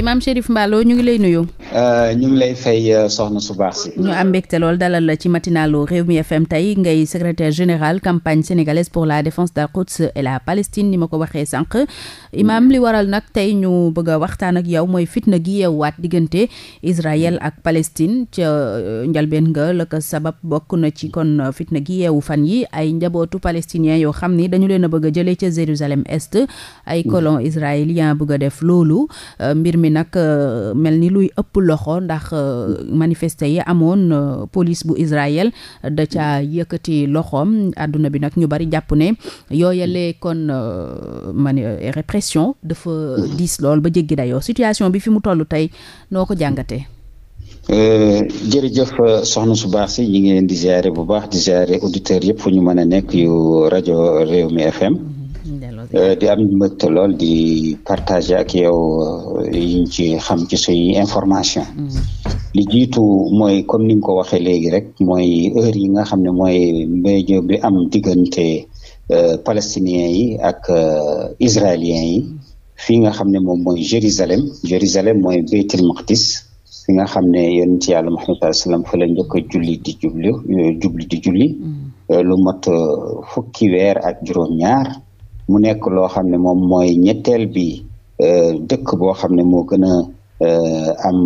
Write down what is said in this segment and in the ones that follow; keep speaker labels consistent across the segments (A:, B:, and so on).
A: Imam Chérif Mballo ñu ngi lay nuyu.
B: Euh, ñu ngi lay fay euh, soxna su si. ñu
A: am mbégte lool dalal la ci réew mi FM tey ngay secrétaire général campagne sénégalaise pour la défense d'Al-Quds et la Palestine ni ma ko waxee sànq. Imam li waral nag tey ñu bëgg a waxtaan ak yow mooy fitna gi yeewaat diggante Israël ak Palestine ca euh, njalbeen nga la ko sabab bokk na ci kon fitna gi yeewu fan yi ay njabootu palestinien yoo xam ni dañu leen a bëgg a jëlee ca Jérusalem Est ay colon israélien bëgg a def loolu mi nag euh, mel ni luy ëpp loxo ndax euh, manifester yi amoon euh, police bu Israël da ca yëkkati loxoom àdduna bi nag ñu bari jàpp ne yooyalee kon mani répression dafa diis lool ba jéggi dayoo situation bi fi mu toll tey noo ko jàngatee.
B: jërëjëf soxna su baax si ñu ngi leen di bu baax di ziare auditeurs yëpp fu ñu mën a nekk yu rajo Réew mi FM. Euh, di am mbégte lool di partager ak yow yiñ euh, ci xam ci suñuy information mm-hmm. li jiitu mooy comme ni nga ko waxee léegi rek mooy heure yi nga xam ne mooy mbéjo bi am diggante euh, palestiniens yi ak israéliens yi mm-hmm. fii nga xam ne moom mooy Jérusalem Jérusalem mooy Beytul Maqdis nga xam ne yonent yàlla Muhammad sallallahu alayhi wasallam fa la njëkk a julli di julli mm-hmm. lu mat fukki weer ak juróom-ñaar mu nekk loo xam ne moom mooy ñetteel bi euh, dëkk boo xam ne moo gën a euh, am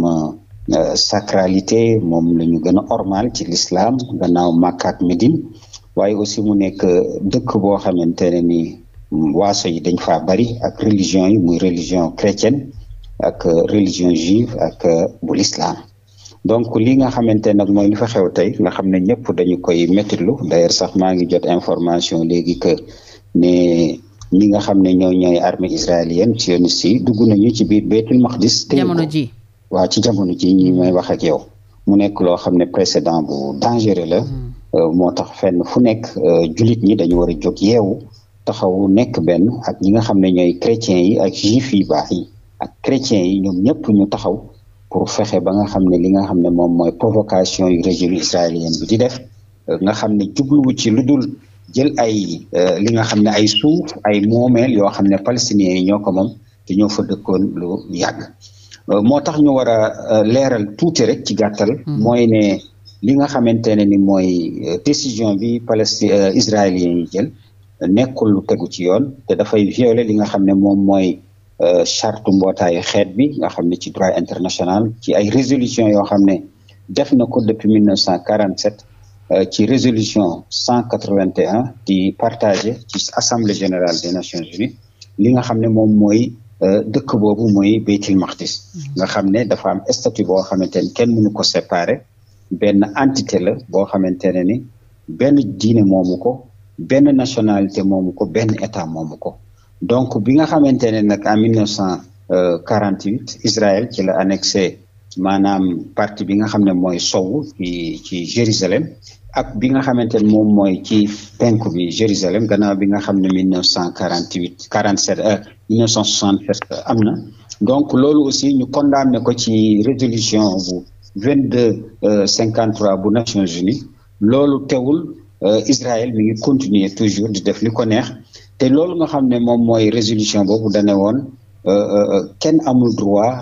B: euh, sacralité moom la ñu gën a ormal ci l'islam gannaaw Makka ak Médine waaye aussi mu nekk dëkk boo xamante ne ni waaso yi dañ fa bari ak religion yi muy religion chrétienne ak religion juive ak bu l'islam donc li nga xamante nag mooy li fa xew tey nga xam ne ñëpp dañu koy métitlu d'ailleurs sax maa ngi jot information léegi que ne ñi nga xam ne ñoo ñooy armée israélienne sioniste yi dugg nañu ci biir Beytul Maqdis jamono ji waaw ci jamono ji ñi may wax ak yow mu nekk loo xam ne précédent bu dangereux la hmm. euh, moo tax fenn fu nekk euh, julit ñi dañu war a jóg yeewu taxawu nekk benn ak ñi nga xam ne ñooy chrétiens yi ak juif yi baax yi ak chrétiens yi ñoom ñëpp ñu taxaw pour fexe ba nga xam ne li nga xam ne moom mooy provocation yu régime israélien bi di def euh, nga xam ne jubluwu ci lu dul jël ay euh, li nga xam ne ay suuf ay moomeel yoo xam ne palestiniens yi ñoo ko moom te ñoo fa dëkkoon lu yàgg euh, moo tax ñu war a euh, leeral tuuti rek ci gàttal hmm. mooy ne li nga xamante ne ni mooy décision bi palestine israéliens yi jël nekkul lu tegu ci yoon te dafay violer li nga xam ne moom mooy charte mbootaayu xeet bi nga xam ne ci droit international ci ay résolution yoo xam ne def na ko depuis 1947 Euh, ci résolution cent quatre vingt ci assemblée générale des nations unies li nga xam ne moom mooy euh, dëkk boobu mooy Beytil Maqdis mm-hmm. nga xam ne dafa am statut boo xamante ne kenn mënu ko séparer benn entité la boo xamante ne ni benn diine moomu ko benn nationalité moomu ko benn état moomu ko donc bi nga xamante ne nag en 1948 Israël ci la annexé maanaam partie bi nga xam ne mooy sow ci ci Jérusalem ak bi nga xamante ne moom mooy ci penku bi Jérusalem gannaaw bi nga xam ne mille neuf cent quarante huit quarante sept euh, mille neuf cent soixante sept euh, am na donc loolu aussi ñu condamné ko ci résolution bu vingt deux euh, cinquante trois bu Nations Unies loolu teewul Israël mi ngi continuer toujours di def li ko neex te loolu nga xam ne moom mooy résolution boobu dane woon kenn amul droit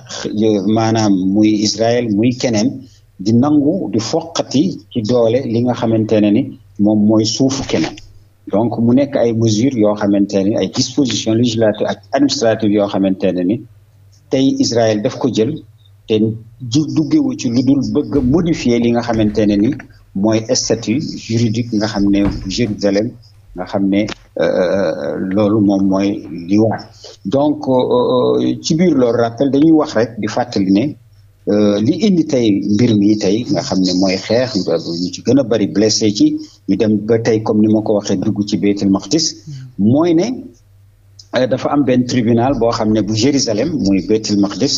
B: maanaam muy Israël muy keneen di nangu di foqati ci doole li nga xamante ne ni moom mooy suufu keneen donc mu nekk ay mesures yoo xamante ne ay dispositions législatives ak administratives yoo xamante ne ni tey Israël def ko jël te duggewu ci lu dul bëgg a li nga xamante ne ni mooy statut juridique nga xam ne Jérusalem nga xam ne euh, euh, loolu moom mooy li waat donc euh, ci biir loolu rappel dañuy wax rek di fàttali ne Euh, li indi tey mbir mi tey nga xam ne mooy xeex ñu ci gën a bari blessé ci ñu dem ba tey comme ni ma ko waxee dugg ci Beytul Maqdis mooy ne euh, dafa am benn tribunal boo xam ne bu Jérusalem muy Beytul Maqdis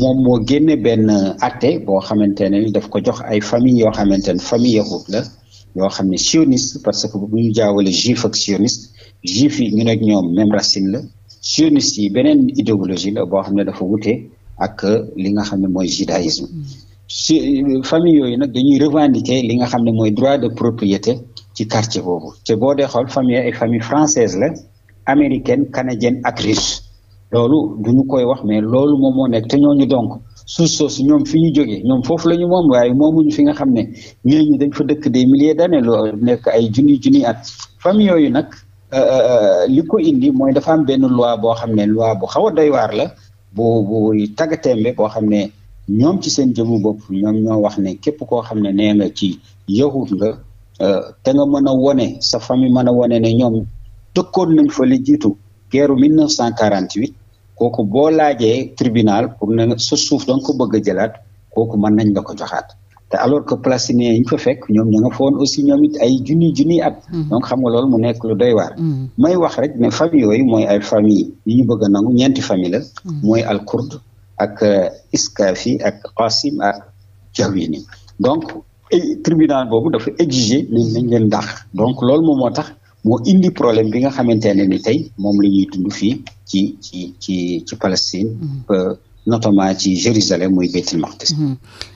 B: moom moo génne benn atte boo xamante ne daf ko jox ay famille yoo xamante ne famille yahud la yoo xam ne sioniste parce que bu ñu jaawale juif ak sioniste juif yi ñu ne ñoom même racine la sioniste yi beneen idéologie la boo xam ne dafa wutee ak li nga xam ne mooy judaïsme mm. si famille yooyu nag dañuy revendiquer li nga xam ne mooy droit de propriété ci quartier boobu te boo dee xool famille ay famille française la américaine canadienne ak loolu du ñu koy wax mais loolu moom moo nekk te ñooñu donc suuf soosu ñoom fi ñu jógee ñoom foofu la ñu moom waaye moomuñu fi nga xam ne ñu dañ fa dëkk des milliers d'années loolu nekk ay junni junni at famille yooyu nag euh, euh, euh, li ko indi mooy dafa am benn loi boo xam ne loi bu xaw a doy la bu bu taggatémbe boo xam ne ñoom ci seen jëmu bopp ñoom ñoo wax ne képp koo xam ne nee nga ci yahut nga euh, te nga mën a wone sa famille mën a wone ne ñoom dëkkoon nañ fa li jiitu guerre 1948 kooku boo laajee tribunal pour ne sa suuf danga ko bëgg a jëlaat kooku mën nañ la ko joxaat te alors que palestiniens yi ñu fa fekk ñoom ña nga foon aussi ñoom it ay junni junni at. Mm. donc xam nga loolu mu nekk lu doy waar. Mm. may wax rek ne famille yooyu mooy ay famille yi ñu bëgg a nangu ñeenti famille la. Mm. mooy al kurd ak euh, iskafi ak qasim ak jawini donc tribunal boobu dafa exiger nañ nañ leen dàq donc loolu moom moo tax. moo indi problème bi nga xamante ne ni tey moom la ñuy dund fii ci ci ci ci notamment ci Jérusalem muy Beytul Maqdis mhm.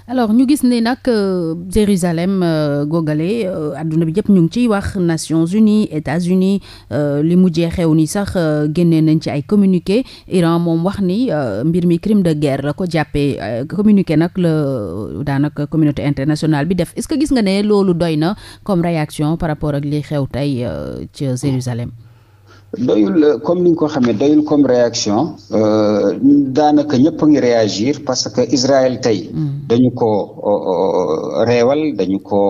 A: alors ñu gis ne nag euh, Jérusalem euh, googale àdduna euh, bi yëpp ñu ngi ciy wax Nations Unies États-Unis li mujjee xew ni sax génnee nañ ci ay communiqué Iran moom wax ni mbir mi crime de guerre la ko jàppee communiqué nag la daanaka communauté internationale bi def est-ce que gis nga ne loolu doy na comme réaction par rapport ak li xew tey ci Jérusalem
B: doyul euh, comme ni nga ko xamee doyul comme réaction euh, daanaka ñëpp a ngi réagir parce que Israël tey. Mm. dañu ko euh, reewal dañu ko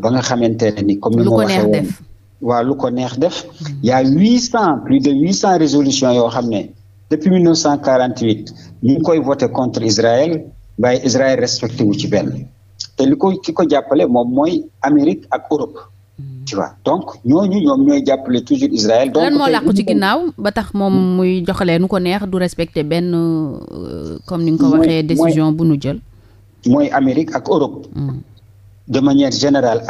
B: ba nga xamante ne ni. comme ni ma ko neex def. Mm. ya a huit cent plus de huit cent résolutions yoo xam ne depuis mille neuf cent quarante huit ñu ngi koy voté contre Israël waaye Israël respecté wu ci benn te li ko ki ko jàppale moom mooy Amérique ak Europe. tu vois donc ñooñu ñoom ñooy jàppale toujours Israël.
A: donc lan moo làqu ci ginnaaw ba tax moom muy joxalee nu ko neex du respecter benn euh, comme ni nga ko waxee. décision bu nu jël.
B: mooy Amérique ak Europe. Hmm. de manière générale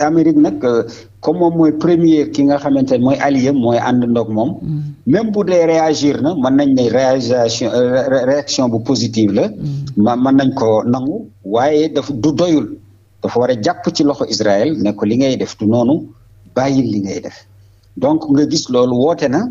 B: Amérique nag euh, comme moom mooy premier ki nga xamante ne mooy allié mooy ànd ndoog moom. Hmm. même bu dee réagir na mën nañ ne réagisation euh, réaction bu positive la. Hmm. ma mën nañ ko nangu waaye daf du doyul. dafa war a jàpp ci loxo Israël ne ko li ngay def du noonu bàyyil li ngay def donc nga gis loolu woote na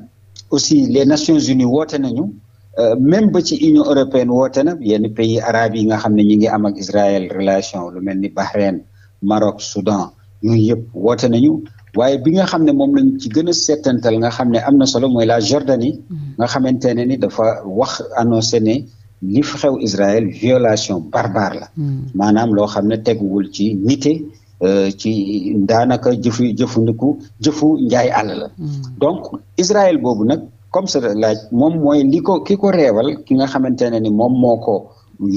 B: aussi les Nations Unies woote nañu euh, même ba ci Union européenne woote na yenn pays arabes yi nga xam ne ñu ngi am ak Israël relation lu mel ni Bahreïn Maroc Soudan yooyu yëpp woote nañu waaye bi nga xam ne moom lañ ci gën a seetantal nga xam ne am na solo mooy la Jordanie mm-hmm. nga xamante ne ni dafa wax annoncé ne li fa xew Israël violation barbare la hmm. maanaam loo xam ne teguwul ci nite euh, ci daanaka jëfu jëfundiku jëfu njaay àll la hmm. donc Israël boobu nag comme ça laaj moom mooy li ko ki ko reewal ki nga xamante ne ni moom moo ko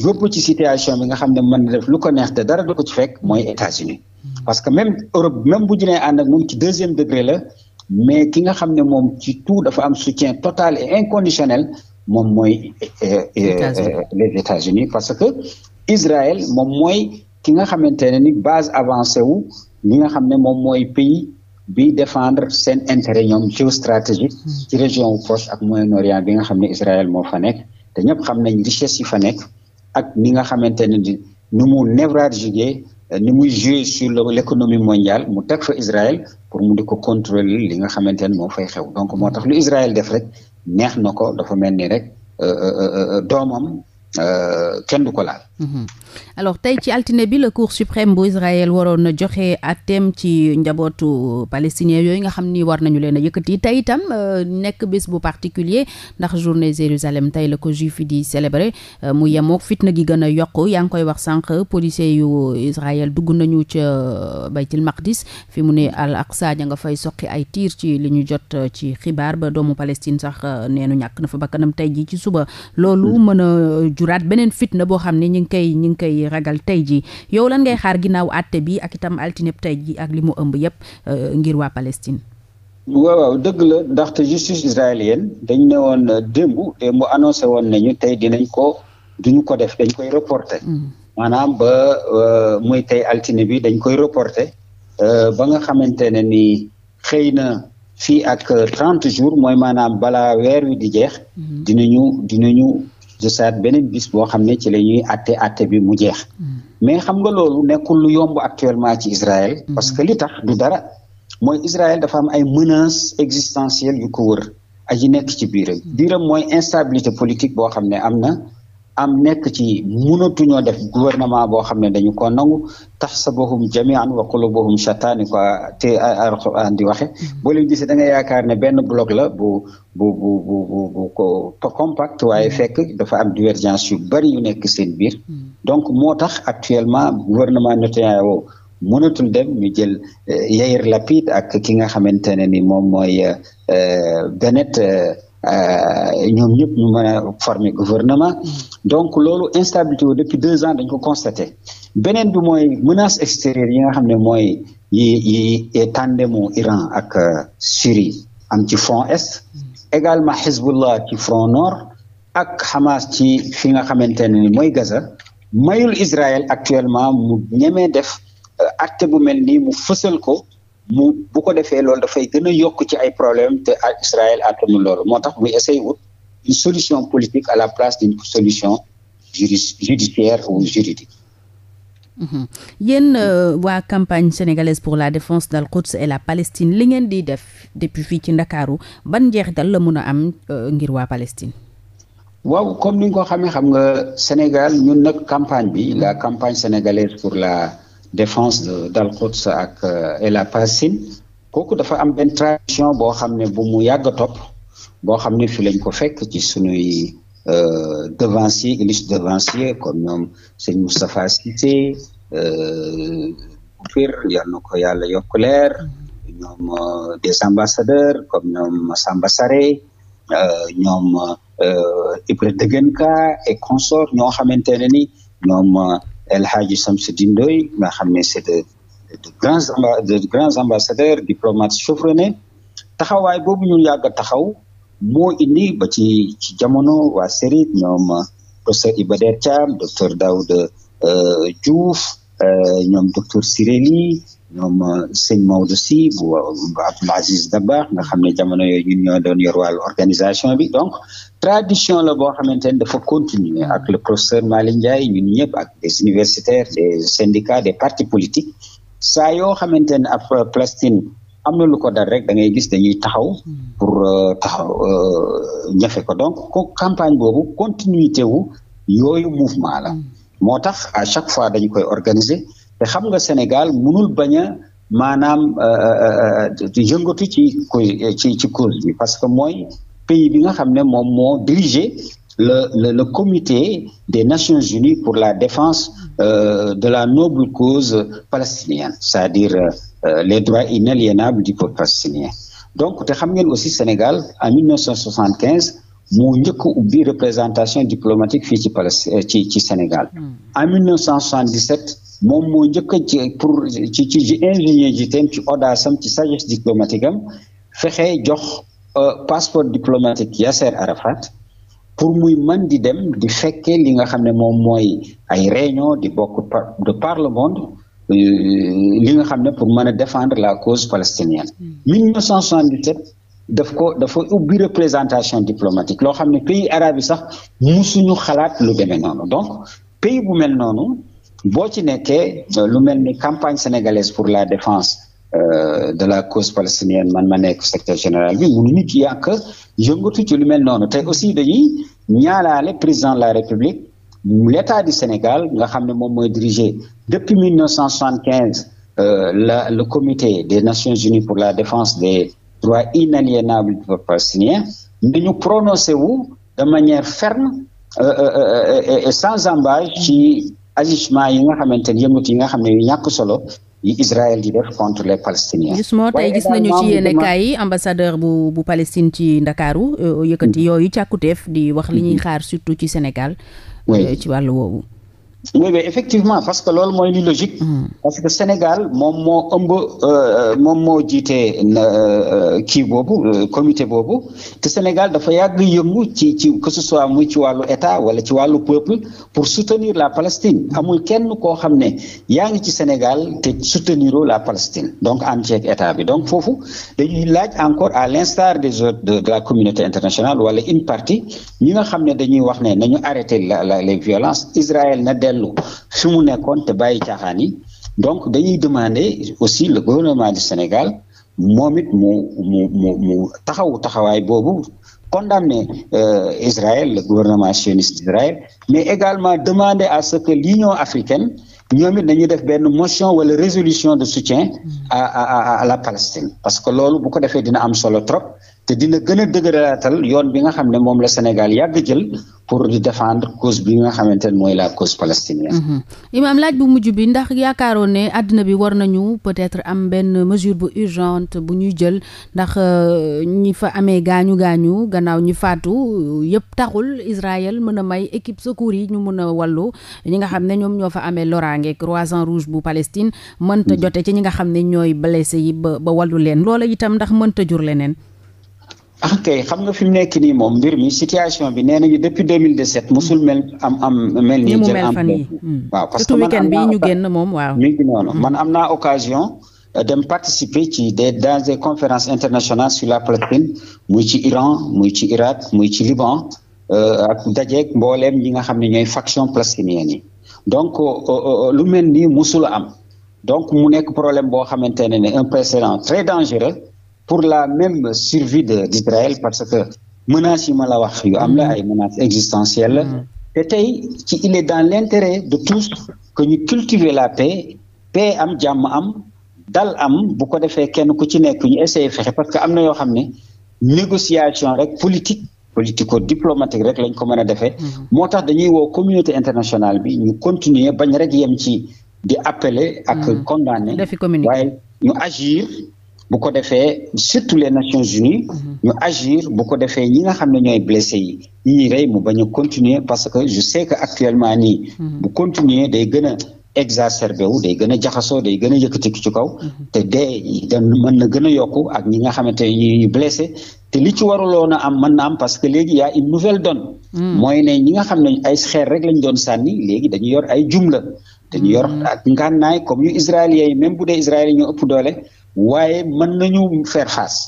B: yóbbu ci situation bi nga xam ne mën na def lu ko neex te dara du ko ci fekk mooy États-Unis hmm. parce que même Europe même bu ñu ànd ak moom ci deuxième degré la mais ki nga xam ne moom ci tout dafa am soutien total et inconditionnel moom mooy eh, eh, eh, les États-Unis parce que Israël moom mooy ki nga xamante ne ni base avancée wu li nga xam ne moom mooy pays bi défendre seen intérêt ñoom géostratégique hmm. ci région wu ak Moyen-Orient bi nga xam ne Israël moo fa nekk te ñëpp xam nañ richesse yi fa nekk ak ni nga xamante ne ni ni mu névralgique ni muy jouer sur l'économie mondiale mu teg fa Israël pour mu di ko contrôler li nga xamante ne moo fay xew donc moo tax lu Israël def rek neex na ko dafa mel ni rek euh, euh, euh, doomam kenn du ko laal
A: Mhm. alors tey ci altine bi la cour suprême bu Israël waroon na joxe àtteem ci njabootu palestinien yooyu nga xam ni war nañu leen a yëkkati tey itam euh, nekk bés bu particulier ndax journée Jérusalem tey la ko juif yi di célébrer euh, mu yemook fitna gi gën a yokk yaa ngi koy wax sànq policier yu Israël dugg nañu ca euh, baytil maqdis fi mu ne al aqsa ja nga fay soqi ay tiir ci li ñu jot ci xibaar ba doomu Palestine sax neenu ñàkk na fa bakkanam tey ji ci suba loolu hmm. koy ñu ngi koy ragal tey ji yow lan ngay xaar ginnaaw àtte bi ak itam altineb tey ji ak li mu ëmb yépp euh, ngir waa Palestine
B: waaw waaw dëgg la ndaxte justice israélienne dañ ne woon euh, démb te mu woon nañu tey dinañ ko duñu ko def dañ koy reporter mm. maanaam ba euh, mooy tey altine bi dañ koy reporter ba nga xamante ne ni xëy na fii ak trente jours mooy maanaam bala weer wi di jeex mm-hmm. dinañu dinañu jësaat beneen bis boo xam ne ci la ñuy atte atte bi mu jeex mm. mais xam nga loolu nekkul lu yomb actuellement ci Israël mm. parce que li tax du dara mooy Israël dafa am ay menaces existentielles yu ko wër aji nekk ci biiram mm. biiram mooy instabilité politique boo xam ne am na am nekk ci mënatuñoo def gouvernement boo xam ne dañu ko nangu tahsabuhum jami'an wa qulubuhum shataan ko te alquran di waxe mm-hmm. boo leen gisee da nga yaakaar ne benn bloc la bo bu bu bu ko compact waaye mm-hmm. fekk dafa am divergence yu bari yu nekk seen biir mm-hmm. donc moo tax actuellement gouvernement Netanyahu mënatul dem ñu jël eh, Yair Lapid ak ki nga xamante ne ni moom mooy eh, Bennett eh, Euh, ñoom ñëpp ñu mën a former gouvernement donc loolu instabilité wu depuis deux ans dañ ko constaté beneen bi mooy menace extérieure yi nga xam ne mooy yi yi tandemu Iran ak euh, Syrie am ci front est également Hezbollah ci front nord ak Hamas ci fi nga xamante ne ni mooy Gaza mayul Israël actuellement mu ñemee def euh, acte bu mel nii mu fësal ko mu bu ko defee loolu dafay gën yokk ci ay problème te Israël àttanul loolu moo tax muy essayer wut une solution politique à la place d'une solution juri judiciaire ou juridique.
A: Mmh. waa campagne sénégalaise pour la défense d'Al-Quds et la Palestine li ngeen di def depuis fii ci Ndakaaru ban njeexital la mun a am euh, ngir waa Palestine.
B: waaw comme ni nga ko xamee xam nga Sénégal ñu nag campagne bi la campagne sénégalaise pour la. défense de d'Al-Quds ak El euh, Pasin kooku dafa am benn tradition boo xam ne bu mu yàgg a boo xam ne fi lañ ko fekk ci sunuy euh, devancier illustre devancier comme ñoom sëñ Moustapha Cissé Boufir euh, yal na ko yàlla yokk leer ñoom euh, des ambassadeurs comme ñoom Massamba Saré euh, ñoom Ibra Degenka et consort ñoo xamante ne ni ñoom El Hadji Samsidine Ndoye nga xam ne c'est de de grands de grands ambassadeurs diplomates chevronnés taxawaay boobu ñu yàgg a taxaw moo indi ba ci ci jamono waa sérit ñoom euh, professeur Iba Der Thiam docteur Daouda euh, euh, ñoom docteur Siré Ly ñoom euh, sëñ Maodo si bu euh, Abdoul Aziz Dabakh nga xam ne jamono yooyu ñun ñoo doon wàllu organisation bi donc tradition la boo xamante ne dafa continuer ak le professeur Malick Ndiaye ñun ñëpp ak des universitaires des syndicats des partis politiques saa yoo xamante ne ab euh, Palestine am na lu ko dal rek da ngay gis dañuy taxaw pour taxaw ñafe ko donc campagne boobu continuité wu yooyu mouvement la mm. moo tax à chaque fois dañu koy organiser te xam nga Sénégal munul bañ a maanaam euh, euh, euh, yëngatu ci ci ci cause bi parce que mooy pays bi nga xam ne moom moo dirigé le le le comité des Nations Unies pour la défense euh, de la noble cause palestinienne c'est-à-dire les droits inaliénables di peuple palestinien donc te xam ngeen aussi Sénégal en 1975 moo njëkk ubbi représentation diplomatique fii ci Palestine ci ci Sénégal hmm. en moom moo njëkk a pour ci ci ci ingénieur ji tam ci audace ci sagesse diplomatique am fexe jox euh, passeport diplomatique Yasser Arafat pour muy man di dem di fekkee li nga xam ne moom mooy ay réunion di bokk de par le monde euh, li nga xam ne pour mën a défendre la cause palestinienne. 1977 mm. daf ko dafa ubbi représentation diplomatique loo xam ne pays arabe sax musuñu xalaat lu demee noonu donc pays bu mel noonu. boo ci nekkee euh, lu mel ni campagne sénégalaise pour la défense euh, de la cause palestinienne man ma nekk secrétaire général bi mënuñu ci yàq yëngatu ci lu mel noonu te aussi dañuy ñaalaale président de la république l'état du Sénégal nga xam ne moom mooy dirigé depuis 1975 euh, la le comité des Nations Unies pour la défense des droits inaliénables du peuple palestinien dañu prononcé wu de manière ferme euh, euh, sans ambages ci agissement yi nga xamante ni yëngut yi nga xam ne yu ñàkk solo yi Israël di def contre les Palestiniens. justement tey gis nañu ci yenn kaay
A: ambassadeur bu bu Palestine ci Ndakaaru euh, yëkkati mm. yooyu càkkuteef di wax li ñuy mm-hmm. xaar surtout ci Sénégal. Euh, ci wàllu woowu.
B: oui effectivement parce que loolu mooy li logique. Hmm. parce que Sénégal moom moo ëmb euh, moom moo jiite euh, kii boobu euh, comité boobu te Sénégal dafa yàgg yëngu ci ci que muy ci wàllu état wala ci wàllu peuple pour soutenir la Palestine amul kenn koo xam ne yaa ngi ci Sénégal te soutenir la Palestine donc am ceeg état bi donc foofu dañuy laaj encore à l'instar des autres de la communauté internationale wala une partie ñi xam ne dañuy wax ne nañu arrêter la les violences Israël na dellu fi mu nekkoon te bàyyi caaxaan yi donc dañuy demander aussi le gouvernement du Sénégal moom it mu mu mu mu taxawu taxawaay boobu condamner euh, Israël le gouvernement sioniste d'Israël mais également demander à ce que l'Union africaine ñoom it dañuy def benn motion wala résolution de soutien à la Palestine parce que loolu bu ko defee dina am solo trop te dina gën a dëgëralaatal yoon bi nga xam ne moom la Sénégal yàgg jël pour di défendre cause bi nga xamante ne mooy la cause palestinienne. Mhm.
A: Imaam laaj bu mujj bi ndax yaakaaroon ne àddina bi war nañu peut-être am benn mesure bu urgente bu ñuy jël ndax euh, ñi fa amee gaañu gaañu gannaaw ñi faatu yëpp taxul Israël mën a may équipe secours yi ñu mën a wallu ñi nga xam ne ñoom ñoo fa amee loraange croissant rouge bu Palestine mënta mhm. jote ci ñi nga xam ne ñooy blessé yi ba ba wallu leen loola itam ndax mënta jur leneen.
B: ah kay xam nga fi mu nekk nii moom mbir mi situation bi nee nañu depuis 2017 musul mel am am mel nii jël hmm. am parce que weekend bi ñu
A: génn moom waaw mi ngi noonu hmm. man am naa
B: occasion euh, dem participer ci des dans des conférences internationales sur la Palestine muy ci Iran muy ci Irak muy ci Liban euh, ak dajeeg mbooleem ñi nga xam ni ñooy faction palestinienne yi donc euh, lu mel ni musul am donc mu nekk problème boo xamante ne ne un précédent très dangereux pour la même survie de d'Israël parce que menaces yi ma la wax yu am la mm-hmm. ay menaces existentielles la mm-hmm. te tey ci il est dans l'intérêt de tous que ñu cultiver la paix paix am jàmm am dal am bu ko defee kenn ku ci nekk ñu essayer fexe parce que am na yoo xam ne négociation rek politique politico diplomatique rek lañ ko mën a defee mm-hmm. moo tax dañuy woo communauté internationale bi ñu continuer bañ rek yem ci di appeler ak condamner waaye ñu agir bu ko defee surtout les Nations Unies. Mhm. ñu agir bu ko defee ñi nga xam ne ñooy blessé yi ñi rey mu bañ a continuer parce que je sais que actuellement nii. Mhm. bu continuer day gën a exacerbé wu day gën a jaxasoo day gën a yëkkati ci kaw. Mhm. te dee da mën na gën a yokku ak ñi nga xamante ne ñu blessé te li ci waruloon a am man na am parce que léegi ya a une nouvelle donne. Mm. mooy ne ñi nga xam ne ay xeer rek lañ doon sànni léegi dañu yor ay jumla. dañu yor mm. ak ngànnaay comme yu israéliens même bu dee israéliens ëpp doole. waaye mën nañu faire face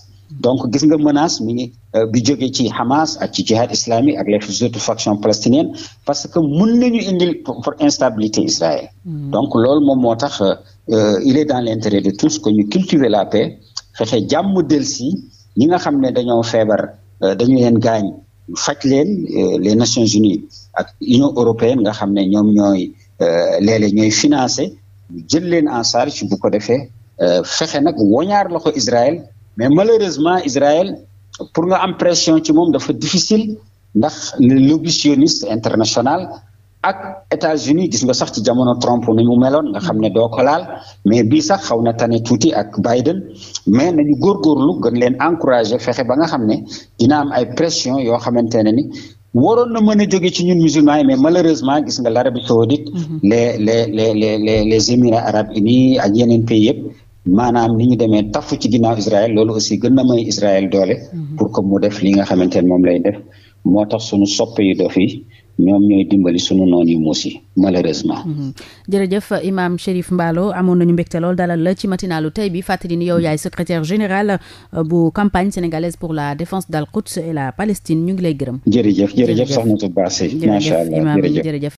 B: donc gis nga menace mi ngi euh, bi jóge ci Hamas ak ci jihad islamique ak les autres factions palestiniennes parce que mën nañu indil pour instabilité Israël hmm. donc loolu moom moo tax euh, il est dans l'intérêt de tous que ñu culturer la paix fexe jàmm delsi ñi nga xam ne dañoo feebar euh, dañu leen gaañ faj leen les Nations Unies ak Union européenne nga xam ne ñoom ñooy léeg-léeg ñooy financé jël leen en charge bu ko defee Euh, fexe nag woñaar la ko Israël mais malheureusement Israël pour nga am pression ci moom dafa difficile ndax le lobby sioniste ak États-Unis gis nga sax ci jamono Trump ni mu meloon nga xam ne doo ko laal mais bii sax xaw na tane tuuti ak Biden mais nañu góorgóorlu gën leen encouragé fexe ba nga xam ne dina am ay pression yoo xamante ne ni waroon na mën a joge ci ñun musulmans mais malheureusement gis nga l'Arabie saoudite le mhm. le les le les les Émirats arabes unis ak yeneen pays yëpp maanaam ni ñu demee tafu ci ginnaaw Israël loolu aussi gën na may Israël doole. Mhm. pour que mu def li nga xamante ne moom lay def moo tax sunu soppe yu dof yi ñoom ñooy dimbali sunu noon yu muus yi malheureusement.
A: Mhm. jërëjëf Imam Cherif Mballo amoon nañu mbégte lool dalal la ci matinalu tey bi fàttali ni yow yaay secrétaire général euh, bu campagne sénégalaise pour la défense d'Al-Quds et la Palestine ñu ngi lay gërëm. jërëjëf jërëjëf soxna Touba Seye. macha allah